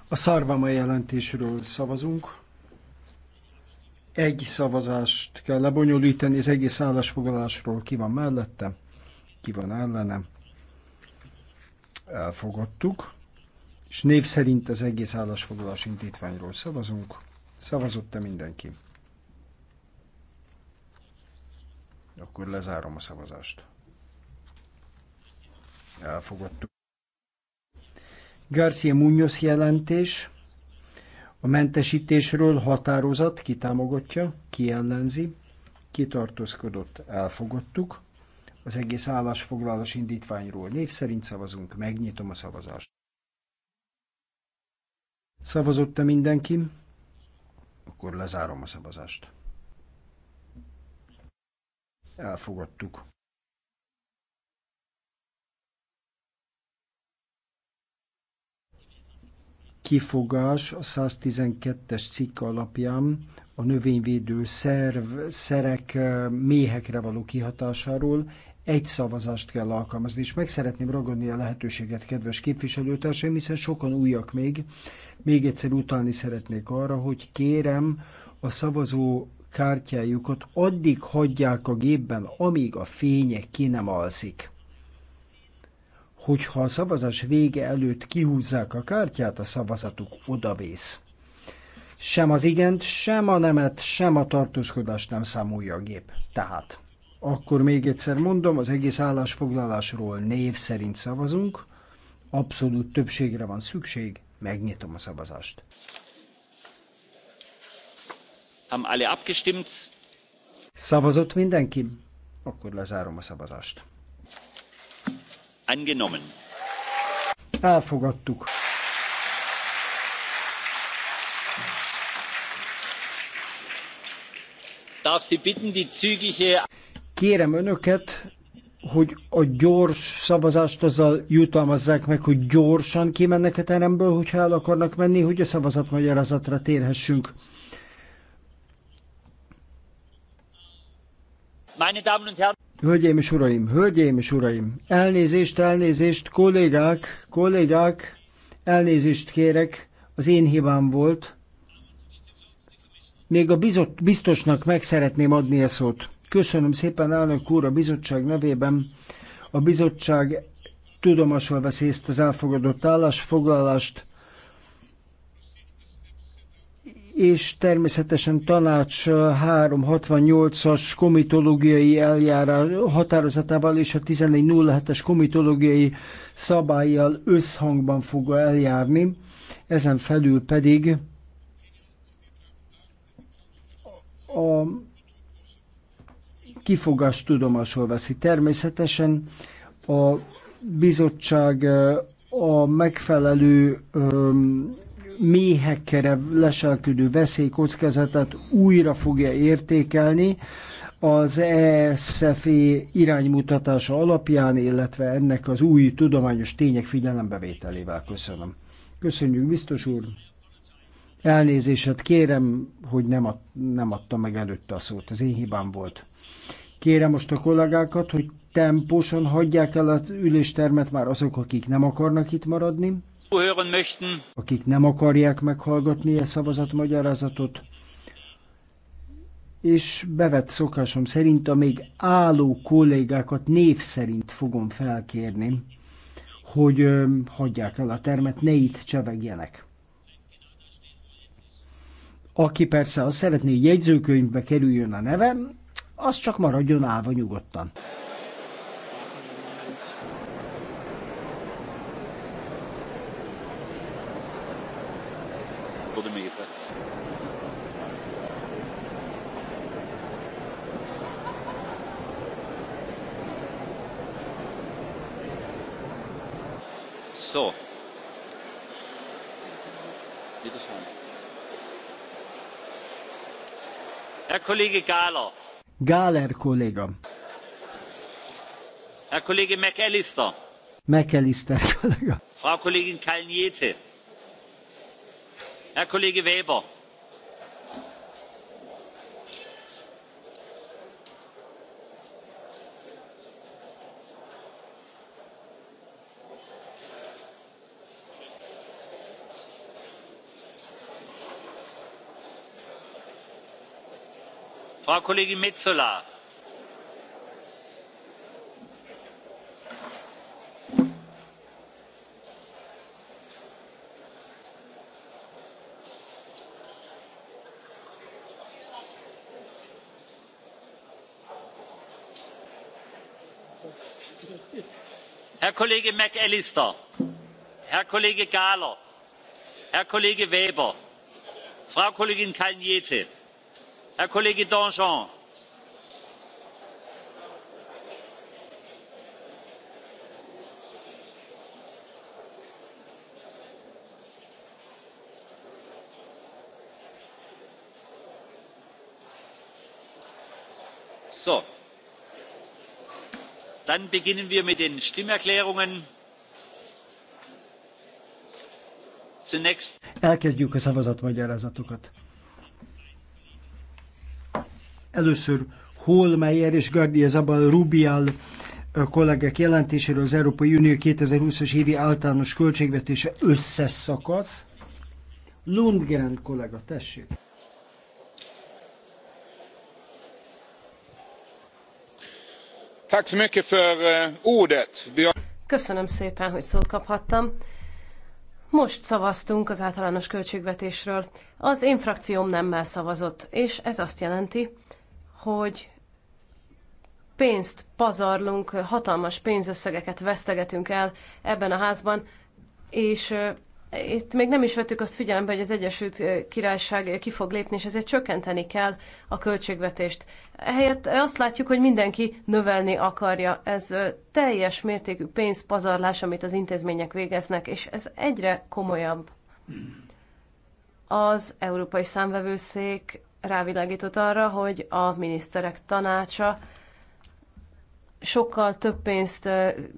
A szarvama jelentésről szavazunk. Egy szavazást kell lebonyolítani, az egész állásfoglalásról ki van mellette, ki van ellene. Elfogadtuk. És név szerint az egész állásfoglalás intétványról szavazunk. Szavazott-e mindenki? Akkor lezárom a szavazást. Elfogadtuk. Garcia Munoz jelentés. A mentesítésről határozat kitámogatja, kiellenzi, kitartózkodott, elfogadtuk. Az egész állásfoglalás indítványról név szerint szavazunk, megnyitom a szavazást. Szavazott-e mindenki? Akkor lezárom a szavazást. Elfogadtuk. kifogás a 112-es cikk alapján a növényvédő szerv, szerek méhekre való kihatásáról egy szavazást kell alkalmazni, és meg szeretném ragadni a lehetőséget, kedves képviselőtársaim, hiszen sokan újak még. Még egyszer utalni szeretnék arra, hogy kérem a szavazó kártyájukat addig hagyják a gépben, amíg a fénye ki nem alszik hogyha a szavazás vége előtt kihúzzák a kártyát, a szavazatuk odavész. Sem az igent, sem a nemet, sem a tartózkodást nem számolja a gép. Tehát, akkor még egyszer mondom, az egész állásfoglalásról név szerint szavazunk, abszolút többségre van szükség, megnyitom a szavazást. Haben alle abgestimmt? Szavazott mindenki? Akkor lezárom a szavazást. Angenommen. Elfogadtuk. Darf Sie bitten, die zügige... Kérem önöket, hogy a gyors szavazást azzal jutalmazzák meg, hogy gyorsan kimennek a teremből, hogyha el akarnak menni, hogy a szavazat magyarázatra térhessünk. Meine Damen und Herren! Hölgyeim és uraim, hölgyeim és uraim, elnézést, elnézést, kollégák, kollégák, elnézést kérek, az én hibám volt. Még a bizot, biztosnak meg szeretném adni a szót. Köszönöm szépen, elnök úr, a bizottság nevében. A bizottság tudomásul veszi ezt az elfogadott állásfoglalást, és természetesen tanács 368-as komitológiai eljárás határozatával és a 1407-es komitológiai szabályjal összhangban fog eljárni, ezen felül pedig a kifogást tudomásul veszi. Természetesen a bizottság a megfelelő méhekre leselkedő veszélykockázatát újra fogja értékelni az ESZF e iránymutatása alapján, illetve ennek az új tudományos tények figyelembevételével. Köszönöm. Köszönjük, biztos úr. Elnézéset kérem, hogy nem, ad, nem adta meg előtte a szót, az én hibám volt. Kérem most a kollégákat, hogy tempósan hagyják el az üléstermet már azok, akik nem akarnak itt maradni akik nem akarják meghallgatni a e szavazatmagyarázatot, és bevett szokásom szerint a még álló kollégákat név szerint fogom felkérni, hogy ö, hagyják el a termet, ne itt csevegjenek. Aki persze azt szeretné, hogy jegyzőkönyvbe kerüljön a nevem, az csak maradjon állva nyugodtan. So. Herr Kollege Gahler. Gahler Kollege. Herr Kollege McAllister. McAllister Kollege. Frau Kollegin Kalniete. Herr Kollege Weber kollegin metsola. herr kollege mcallister herr kollege gahler herr kollege weber frau kollegin kalniete herr kollege danjean! So. dann beginnen wir mit den stimmerklärungen. Zunächst elkezdjük a szavazatmagyarázatokat. Először Holmeyer és Gardi Zabal Rubial kollégek jelentéséről az Európai Unió 2020-as évi általános költségvetése összes szakasz. Lundgren kollega, tessék! Eh, Köszönöm szépen, hogy szót kaphattam. Most szavaztunk az általános költségvetésről. Az én frakcióm nemmel szavazott, és ez azt jelenti, hogy pénzt pazarlunk, hatalmas pénzösszegeket vesztegetünk el ebben a házban, és itt még nem is vettük azt figyelembe, hogy az Egyesült Királyság ki fog lépni, és ezért csökkenteni kell a költségvetést. Ehelyett azt látjuk, hogy mindenki növelni akarja. Ez teljes mértékű pénzpazarlás, amit az intézmények végeznek, és ez egyre komolyabb. Az Európai Számvevőszék rávilágított arra, hogy a miniszterek tanácsa sokkal több pénzt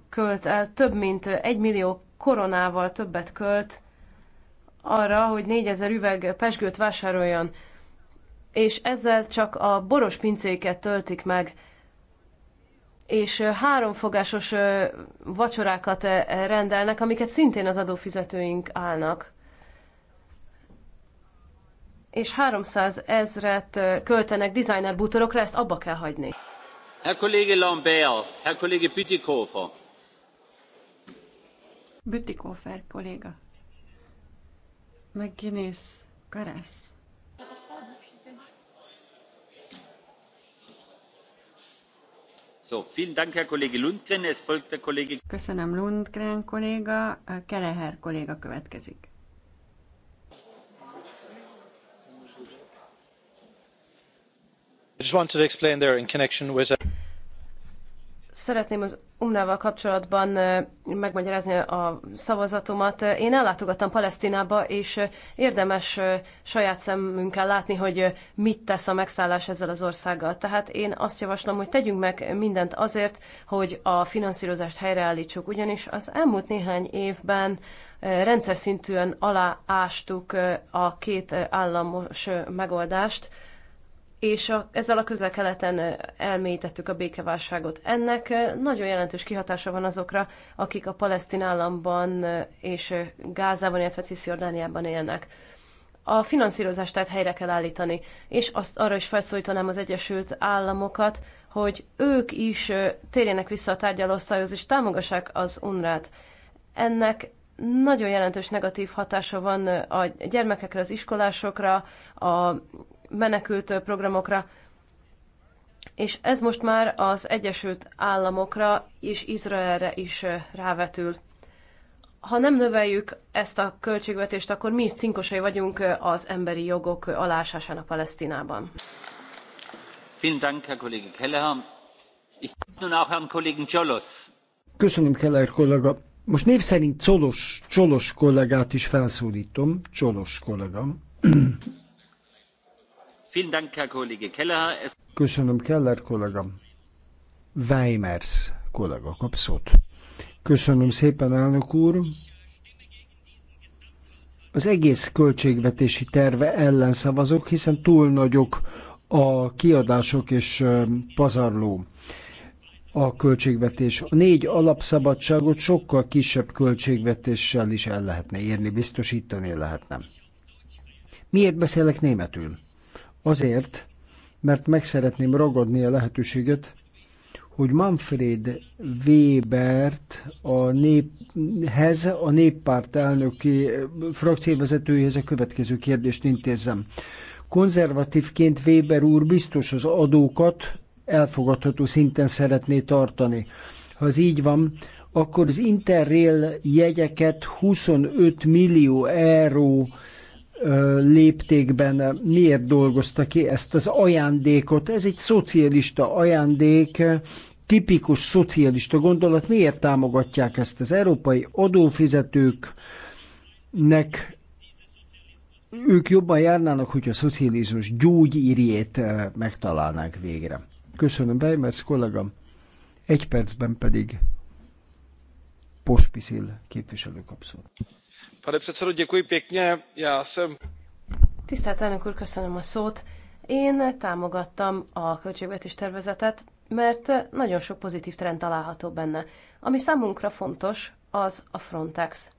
költ el, több mint egy millió koronával többet költ arra, hogy négyezer üveg pesgőt vásároljon, és ezzel csak a boros pincéket töltik meg, és háromfogásos vacsorákat rendelnek, amiket szintén az adófizetőink állnak és 300 ezret költenek designer bútorokra, ezt abba kell hagyni. Herr Kollege Lambert, Herr Kollege Bütikofer. Bütikofer kolléga. Meg Karesz. So, vielen Dank, Herr Kollege Lundgren. Es folgt der Kollege... Köszönöm, Lundgren kolléga. Keleher kolléga következik. Uh, Szeretném az UNRWA-val kapcsolatban uh, megmagyarázni a szavazatomat. Uh, én ellátogattam Palesztinába, és érdemes saját szemünkkel látni, hogy mit tesz a megszállás ezzel az országgal. Tehát én azt javaslom, hogy tegyünk meg mindent azért, hogy a finanszírozást helyreállítsuk, ugyanis az elmúlt néhány évben rendszer szintűen aláástuk a két államos megoldást, és a, ezzel a közel-keleten elmélyítettük a békeválságot. Ennek nagyon jelentős kihatása van azokra, akik a palesztin államban és Gázában, illetve Cisziordániában élnek. A finanszírozást tehát helyre kell állítani, és azt arra is felszólítanám az Egyesült Államokat, hogy ők is térjenek vissza a tárgyalóasztalhoz, és támogassák az UNRÁT. Ennek nagyon jelentős negatív hatása van a gyermekekre, az iskolásokra, a menekült programokra, és ez most már az Egyesült Államokra és Izraelre is rávetül. Ha nem növeljük ezt a költségvetést, akkor mi is cinkosai vagyunk az emberi jogok alásásának Palesztinában. Köszönöm, Keller kollega. Most név szerint Csolos, Csolos kollégát is felszólítom. Csolos kollega. Köszönöm, Keller kollega. Weimers kollega kapszott. Köszönöm szépen, elnök úr. Az egész költségvetési terve ellen szavazok, hiszen túl nagyok a kiadások és pazarló a költségvetés. A négy alapszabadságot sokkal kisebb költségvetéssel is el lehetne érni, biztosítani lehetne. Miért beszélek németül? Azért, mert meg szeretném ragadni a lehetőséget, hogy Manfred Webert a néphez, a néppárt elnöki frakcióvezetőjéhez a következő kérdést intézzem. Konzervatívként Weber úr biztos az adókat elfogadható szinten szeretné tartani. Ha ez így van, akkor az Interrail jegyeket 25 millió euró léptékben miért dolgozta ki ezt az ajándékot. Ez egy szocialista ajándék, tipikus szocialista gondolat. Miért támogatják ezt az európai adófizetőknek? Ők jobban járnának, hogy a szocializmus gyógyírjét megtalálnák végre. Köszönöm, Weimers kollega. Egy percben pedig Pospisil képviselő kapszol pane předsedající já jsem. tisztelt elnök úr köszönöm a szót. én támogattam a költségvetés tervezetet mert nagyon sok pozitív trend található benne. Ami számunkra fontos, az a Frontex.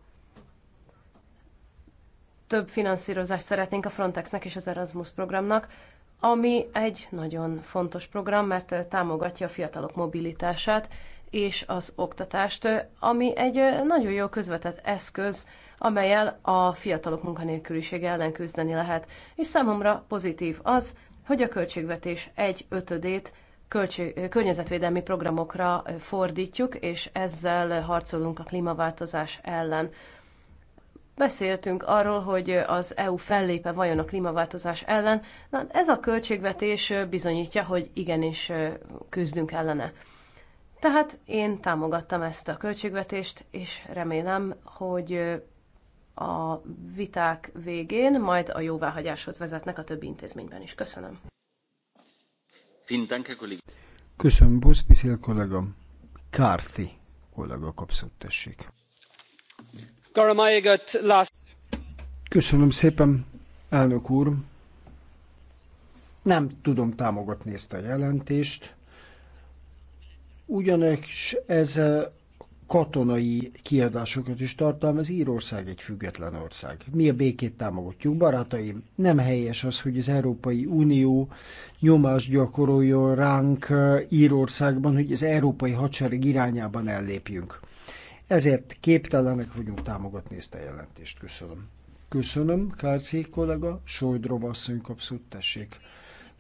Több finanszírozást szeretnénk a Frontexnek és az Erasmus programnak, ami egy nagyon fontos program, mert támogatja a fiatalok mobilitását és az oktatást, ami egy nagyon jó közvetett eszköz amelyel a fiatalok munkanélkülisége ellen küzdeni lehet, és számomra pozitív az, hogy a költségvetés egy ötödét költség, környezetvédelmi programokra fordítjuk, és ezzel harcolunk a klímaváltozás ellen. Beszéltünk arról, hogy az EU fellépe vajon a klímaváltozás ellen. Na, ez a költségvetés bizonyítja, hogy igenis küzdünk ellene. Tehát én támogattam ezt a költségvetést, és remélem, hogy a viták végén, majd a jóváhagyáshoz vezetnek a többi intézményben is. Köszönöm. Köszönöm, Buszbiszél kollega. Kárti kollega kapszott, tessék. Köszönöm szépen, elnök úr. Nem tudom támogatni ezt a jelentést, ugyanis ez katonai kiadásokat is tartalmaz, Írország egy független ország. Mi a békét támogatjuk, barátaim. Nem helyes az, hogy az Európai Unió nyomást gyakoroljon ránk eh, Írországban, hogy az európai hadsereg irányában ellépjünk. Ezért képtelenek vagyunk támogatni ezt a jelentést. Köszönöm. Köszönöm, Kárcé kollega, Sojdrov asszony kapszott, tessék.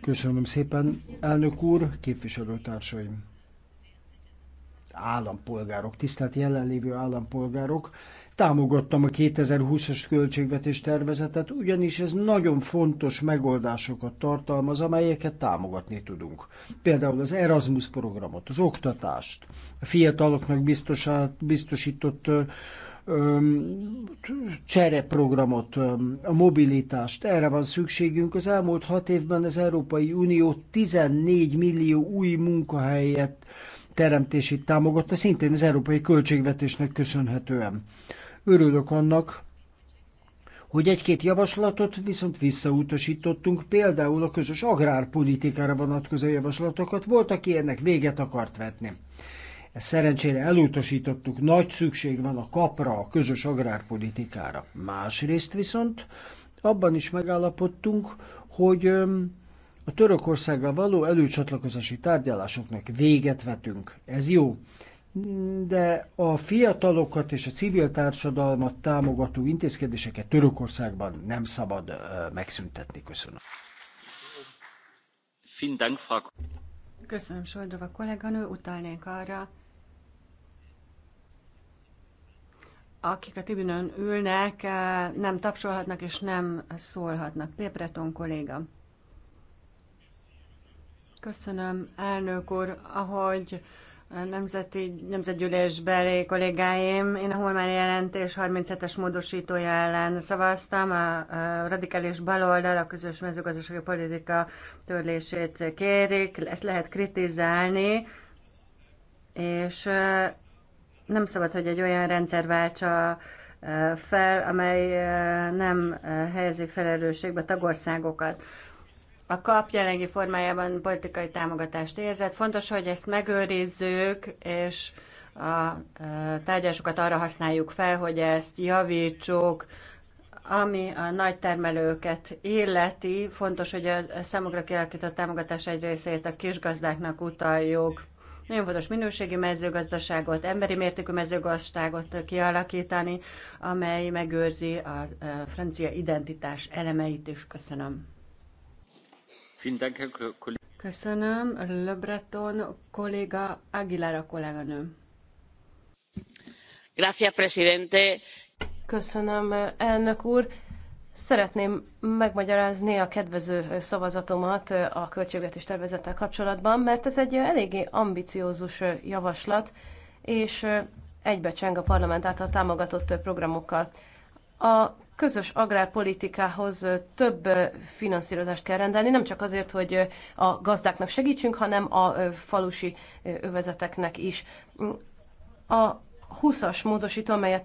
Köszönöm szépen, elnök úr, képviselőtársaim állampolgárok, tisztelt jelenlévő állampolgárok, támogattam a 2020-as költségvetés tervezetet, ugyanis ez nagyon fontos megoldásokat tartalmaz, amelyeket támogatni tudunk. Például az Erasmus programot, az oktatást, a fiataloknak biztosított csereprogramot, a mobilitást. Erre van szükségünk. Az elmúlt hat évben az Európai Unió 14 millió új munkahelyet teremtését támogatta, szintén az európai költségvetésnek köszönhetően. Örülök annak, hogy egy-két javaslatot viszont visszautasítottunk, például a közös agrárpolitikára vonatkozó javaslatokat volt, aki ennek véget akart vetni. Ezt szerencsére elutasítottuk, nagy szükség van a kapra, a közös agrárpolitikára. Másrészt viszont abban is megállapodtunk, hogy a Törökországgal való előcsatlakozási tárgyalásoknak véget vetünk. Ez jó. De a fiatalokat és a civil társadalmat támogató intézkedéseket Törökországban nem szabad megszüntetni. Köszönöm. Köszönöm, a kolléganő. Utalnék arra, akik a tribünön ülnek, nem tapsolhatnak és nem szólhatnak. Pépreton kolléga. Köszönöm, elnök úr, ahogy a Nemzeti Nemzetgyűlésbeli kollégáim, én a Holmán jelentés 37-es módosítója ellen szavaztam, a, a radikális baloldal a közös mezőgazdasági politika törlését kérik, ezt lehet kritizálni, és nem szabad, hogy egy olyan rendszer váltsa fel, amely nem helyezi felelősségbe tagországokat a kap jelenlegi formájában politikai támogatást érzett. Fontos, hogy ezt megőrizzük, és a e, tárgyásokat arra használjuk fel, hogy ezt javítsuk, ami a nagy termelőket illeti, fontos, hogy a számukra kialakított támogatás egy részét a kisgazdáknak utaljuk. Nagyon fontos minőségi mezőgazdaságot, emberi mértékű mezőgazdaságot kialakítani, amely megőrzi a e, francia identitás elemeit is. Köszönöm. Köszönöm, Le Breton kolléga, Aguilera kolléganő. Gracias, presidente. Köszönöm, elnök úr. Szeretném megmagyarázni a kedvező szavazatomat a költségvetés tervezettel kapcsolatban, mert ez egy eléggé ambiciózus javaslat, és egybecseng a parlament által támogatott programokkal. A közös agrárpolitikához több finanszírozást kell rendelni, nem csak azért, hogy a gazdáknak segítsünk, hanem a falusi övezeteknek is. A 20-as módosító, amelyet